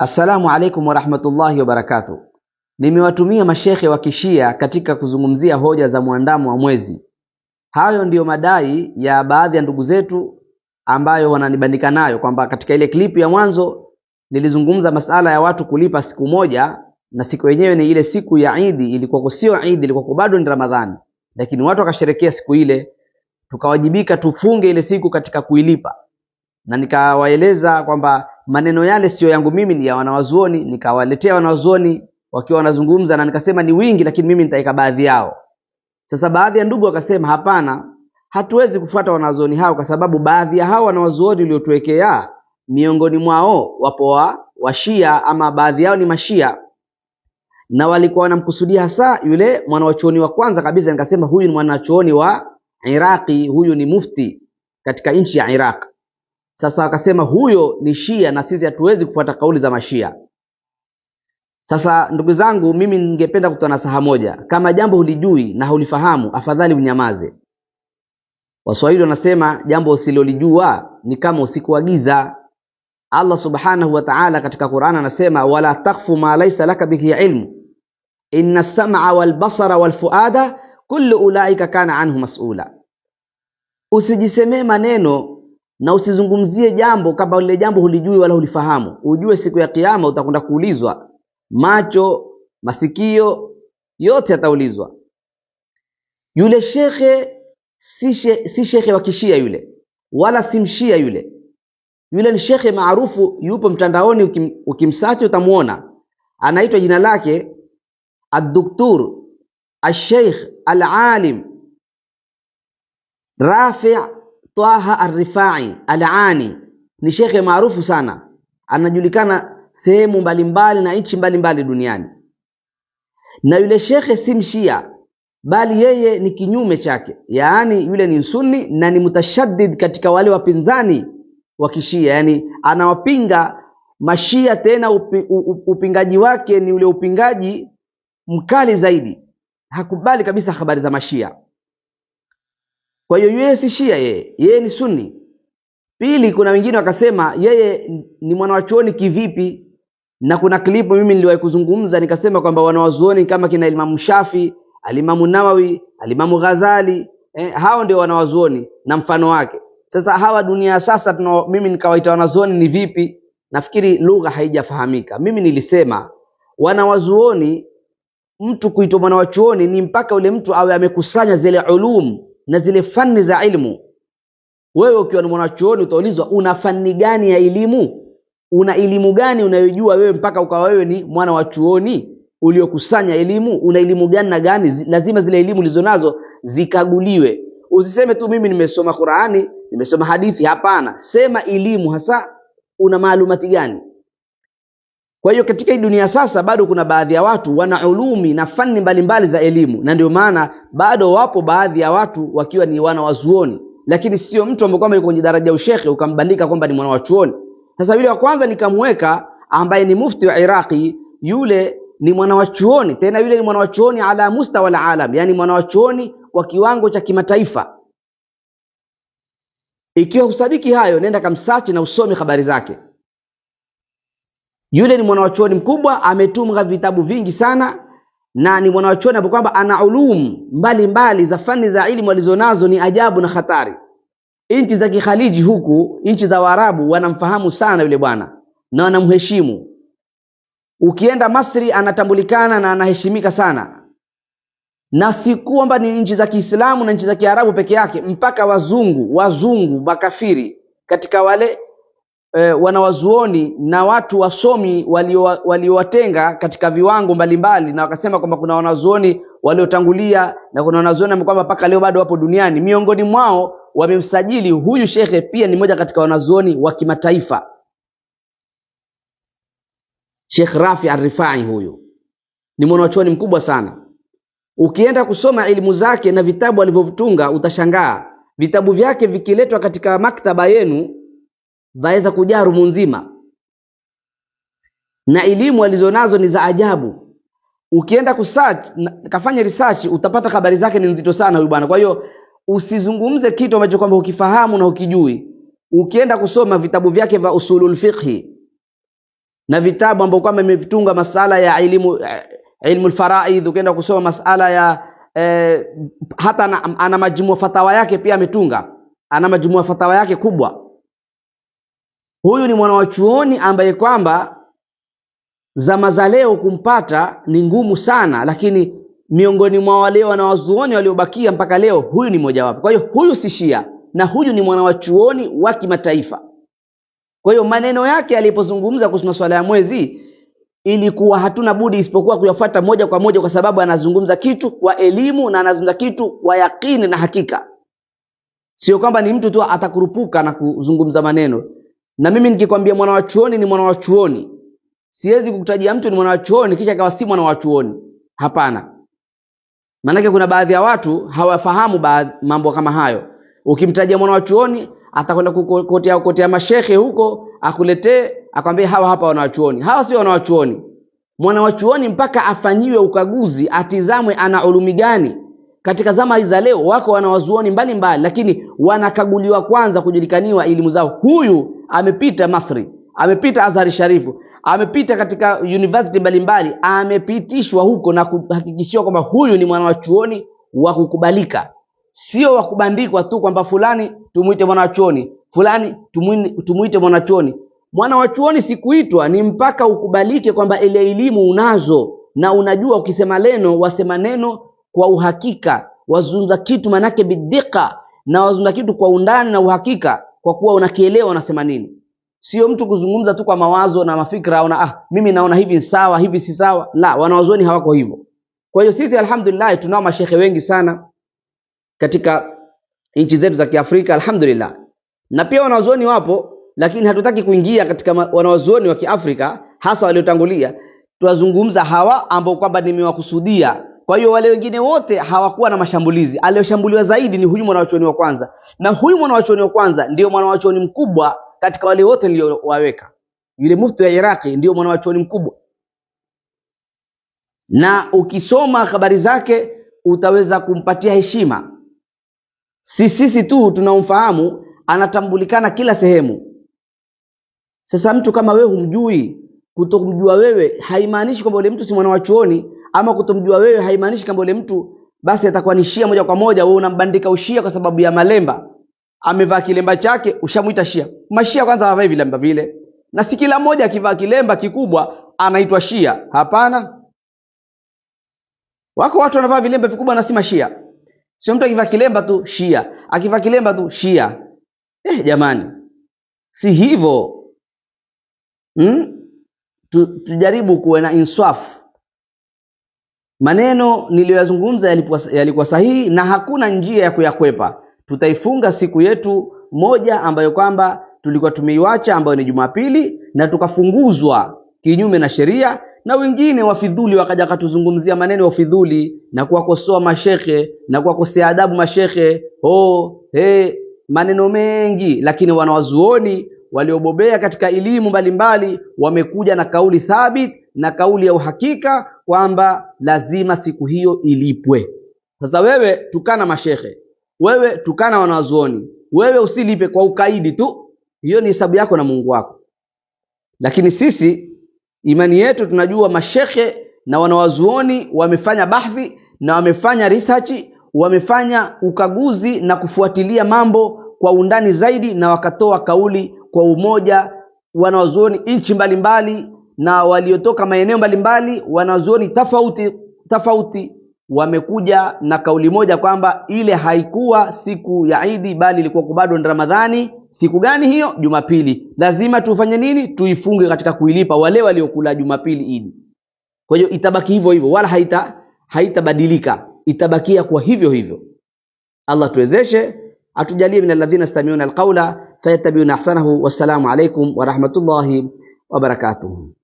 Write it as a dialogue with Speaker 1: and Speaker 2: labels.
Speaker 1: Assalamu alaikum warahmatullahi wabarakatuh. Nimewatumia mashekhe wa kishia katika kuzungumzia hoja za mwandamo wa mwezi. Hayo ndiyo madai ya baadhi ya ndugu zetu ambayo wananibandika nayo kwamba katika ile klipu ya mwanzo nilizungumza masala ya watu kulipa siku moja, na siku yenyewe ni ile siku ya Idi. Ilikuwa sio Idi, ilikuwa bado ni Ramadhani, lakini watu wakasherekea siku ile, tukawajibika tufunge ile siku katika kuilipa, na nikawaeleza kwamba maneno yale siyo yangu mimi, ni ya wanawazuoni. Nikawaletea wanawazuoni wakiwa wanazungumza, na nikasema ni wingi, lakini mimi nitaweka baadhi yao. Sasa baadhi ya ndugu wakasema, hapana, hatuwezi kufuata wanawazuoni hao, kwa sababu baadhi ya hao wanawazuoni uliotuwekea miongoni mwao wapo wa washia ama baadhi yao ni mashia na walikuwa wanamkusudia hasa yule mwanachuoni wa kwanza kabisa. Nikasema huyu ni mwanachuoni wa Iraqi, huyu ni mufti katika nchi ya Iraq. Sasa wakasema huyo ni Shia na sisi hatuwezi kufuata kauli za Mashia. Sasa ndugu zangu, mimi ningependa kutoa nasaha moja. Kama jambo hulijui na hulifahamu, afadhali unyamaze. Waswahili wanasema jambo usilolijua ni kama usiku wa giza. Allah subhanahu wa ta'ala katika Qur'an anasema, wala takfu ma laysa laka bihi ilmu inna sama wal basara wal fuada kullu ulaika kana anhu mas'ula, usijisemee maneno na usizungumzie jambo kama lile jambo hulijui wala hulifahamu. Ujue siku ya Kiyama utakwenda kuulizwa, macho, masikio yote yataulizwa. Yule shekhe si, she, si shekhe wa kishia yule, wala si mshia yule. Yule ni shekhe maarufu, yupo mtandaoni, ukim, ukimsache utamuona, anaitwa jina lake Addoktor asheikh Alalim Rafi Twaha Arrifai Alani ni shekhe maarufu sana, anajulikana sehemu mbalimbali na nchi mbalimbali duniani. Na yule shekhe si mshia, bali yeye ni kinyume chake, yaani yule ni sunni na ni mutashaddid katika wale wapinzani wa kishia, yaani anawapinga mashia, tena upi, upingaji wake ni ule upingaji mkali zaidi, hakubali kabisa habari za mashia. Kwa hiyo yeye si Shia, yeye yeye ni Sunni. Pili, kuna wengine wakasema yeye ni mwanawachuoni kivipi? Na kuna klipu mimi niliwahi kuzungumza nikasema kwamba wanawazuoni kama kina Imamu Shafi, Alimamu Nawawi, Alimamu Ghazali eh, hao ndio wanawazuoni na mfano wake. Sasa hawa dunia sasa tuna, mimi nikawaita wanazuoni ni vipi? Nafikiri lugha haijafahamika. Mimi nilisema wanawazuoni, mtu kuitwa mwanawachuoni ni mpaka ule mtu awe amekusanya zile ulumu na zile fani za ilmu. Wewe ukiwa ni mwanachuoni utaulizwa una fani gani ya elimu? Una elimu gani unayojua wewe mpaka ukawa wewe ni mwana wa chuoni uliokusanya elimu? Una elimu gani na gani? Lazima zile elimu ulizonazo zikaguliwe. Usiseme tu mimi nimesoma Qur'ani, nimesoma hadithi. Hapana, sema elimu hasa una maalumati gani? Kwa hiyo katika hii dunia sasa, bado kuna baadhi ya watu wana ulumi na fani mbalimbali mbali za elimu, na ndio maana bado wapo baadhi ya watu wakiwa ni wana wazuoni, lakini sio mtu ambaye kwamba yuko kwenye daraja ushehe ushekhe ukambandika kwamba ni mwana wa chuoni. Sasa yule wa kwanza nikamweka, ambaye ni mufti wa Iraqi, yule ni mwana wa chuoni, tena yule ni mwana wa chuoni ala mustawa alam, yani mwana wa chuoni kwa kiwango cha kimataifa. Ikiwa usadiki hayo, nenda kamsachi na usome habari zake. Yule ni mwanawachuoni mkubwa, ametunga vitabu vingi sana na ni mwanawachuoni hapo kwamba ana ulum mbalimbali za fani za elimu alizonazo ni ajabu na hatari. Nchi za kikhaliji huku, nchi za Waarabu wanamfahamu sana yule bwana na wanamheshimu. Ukienda Masri anatambulikana na anaheshimika sana, na si kwamba ni nchi za Kiislamu na nchi za Kiarabu peke yake, mpaka wazungu wazungu makafiri katika wale e, wanawazuoni na watu wasomi waliowatenga wali katika viwango mbalimbali, na wakasema kwamba kuna wanazuoni waliotangulia na kuna wanazuoni ambao kwamba mpaka leo bado wapo duniani. Miongoni mwao wamemsajili huyu shekhe, pia ni moja katika wanazuoni wa kimataifa, Sheikh Rafi Arifai. Huyu ni mwanachuoni mkubwa sana. Ukienda kusoma elimu zake na vitabu alivyotunga utashangaa. Vitabu vyake vikiletwa katika maktaba yenu vaweza kujaa rumu nzima, na elimu alizonazo ni za ajabu. Ukienda kusearch kafanya research, utapata habari zake ni nzito sana huyu bwana. Kwa hiyo usizungumze kitu ambacho kwamba ukifahamu na ukijui. Ukienda kusoma vitabu vyake vya usulul fiqhi na vitabu ambavyo kwamba imevitunga masala ya elimu eh, ilmu faraid, ukienda kusoma masala ya eh, hata ana, ana majumua fatawa yake pia ametunga, ana majumua fatawa yake kubwa Huyu ni mwanawachuoni ambaye kwamba zama za leo kumpata ni ngumu sana, lakini miongoni mwa wale wanawazuoni waliobakia mpaka leo huyu ni mojawapo. Kwa hiyo huyu si Shia na huyu ni mwanawachuoni wa kimataifa. Kwa hiyo maneno yake alipozungumza kuhusu masuala ya mwezi ilikuwa hatuna budi isipokuwa kuyafuata moja kwa moja, kwa sababu anazungumza kitu kwa elimu na anazungumza kitu kwa yakini na hakika, sio kwamba ni mtu tu atakurupuka na kuzungumza maneno. Na mimi nikikwambia mwana wa chuoni ni mwana wa chuoni, siwezi kukutajia mtu ni mwana wa chuoni kisha akawa si mwana wa chuoni. Hapana, maanake kuna baadhi ya watu hawafahamu mambo kama hayo. Ukimtajia mwana wa chuoni atakwenda kukotea kotea mashehe huko, akuletee akwambie, hawa hapa wanawachuoni. Hawa sio wanawachuoni. Mwanawachuoni mpaka afanyiwe ukaguzi, atizamwe ana ulumi gani katika zama hizi za leo wako wanawazuoni mbalimbali, lakini wanakaguliwa kwanza kujulikaniwa elimu zao. Huyu amepita Masri, amepita Azhari Sharifu, amepita katika university mbalimbali, amepitishwa huko na kuhakikishiwa kwamba huyu ni mwanawachuoni wa kukubalika, sio wa kubandikwa tu kwamba fulani tumuite mwanawachuoni, fulani tumuite mwanachuoni. Mwanawachuoni sikuitwa ni mpaka ukubalike kwamba ile elimu unazo na unajua ukisema neno wasema neno kwa uhakika, wazungumza kitu manake bidhika, na wazungumza kitu kwa undani na uhakika, kwa kuwa unakielewa unasema nini. Sio mtu kuzungumza tu kwa mawazo na mafikra, ona ah, mimi naona hivi sawa, hivi si sawa. La, wanawazoni hawako hivyo. Kwa hiyo sisi alhamdulillah tunao mashehe wengi sana katika nchi zetu za Kiafrika alhamdulillah, na pia wanawazoni wapo, lakini hatutaki kuingia katika wanawazoni wa Kiafrika hasa waliotangulia. Tuwazungumza hawa ambao kwamba nimewakusudia kwa hiyo wale wengine wote hawakuwa na mashambulizi. Aliyoshambuliwa zaidi ni huyu mwanawachuoni wa kwanza, na huyu mwanawachuoni wa kwanza ndio mwanawachuoni mkubwa katika wale wote niliyowaweka. Yule mufti wa Iraqi ndiyo mwanawachuoni mkubwa, na ukisoma habari zake utaweza kumpatia heshima. Si sisi tu tunaomfahamu, anatambulikana kila sehemu. Sasa mtu kama wewe humjui, kutokumjua wewe haimaanishi kwamba yule mtu si mwanawachuoni ama kutomjua wewe haimaanishi kwamba yule mtu basi atakuwa ni shia moja kwa moja. Wewe unambandika ushia kwa sababu ya malemba, amevaa kilemba chake ushamuita shia. Mashia kwanza hawavai vilemba vile, na si kila mmoja akivaa kilemba kikubwa anaitwa shia. Hapana, wako watu wanavaa vilemba vikubwa na si mashia. Sio mtu akivaa kilemba tu shia, akivaa kilemba tu shia. Eh, jamani, si hivyo hmm? Tujaribu kuwe na insafu Maneno niliyoyazungumza yalikuwa, sahihi na hakuna njia ya kuyakwepa. Tutaifunga siku yetu moja ambayo kwamba tulikuwa tumeiwacha ambayo ni Jumapili na tukafunguzwa kinyume na sheria, na wengine wafidhuli wakaja wakatuzungumzia maneno ya ufidhuli na kuwakosoa mashekhe na kuwakosea adabu mashekhe oh, hey, maneno mengi, lakini wanawazuoni waliobobea katika elimu mbalimbali wamekuja na kauli thabit na kauli ya uhakika kwamba lazima siku hiyo ilipwe. Sasa wewe tukana mashehe, wewe tukana wanawazuoni wewe usilipe kwa ukaidi tu, hiyo ni hisabu yako na Mungu wako. Lakini sisi imani yetu tunajua mashehe na wanawazuoni wamefanya bahthi na wamefanya research, wamefanya ukaguzi na kufuatilia mambo kwa undani zaidi, na wakatoa kauli kwa umoja wanawazuoni nchi mbalimbali na waliotoka maeneo mbalimbali, wanazuoni tofauti tofauti wamekuja na kauli moja kwamba ile haikuwa siku ya Idi, bali ilikuwa bado ni Ramadhani. Siku gani hiyo? Jumapili. Lazima tufanye nini? Tuifunge katika kuilipa wale waliokula Jumapili Idi. Kwa hiyo itabaki hivyo hivyo, wala haita haitabadilika, itabakia kwa hivyo hivyo. Allah tuwezeshe, atujalie min alladhina stamiuna alqaula fayattabiuna ahsanahu. Wassalamu alaikum wa barakatuh.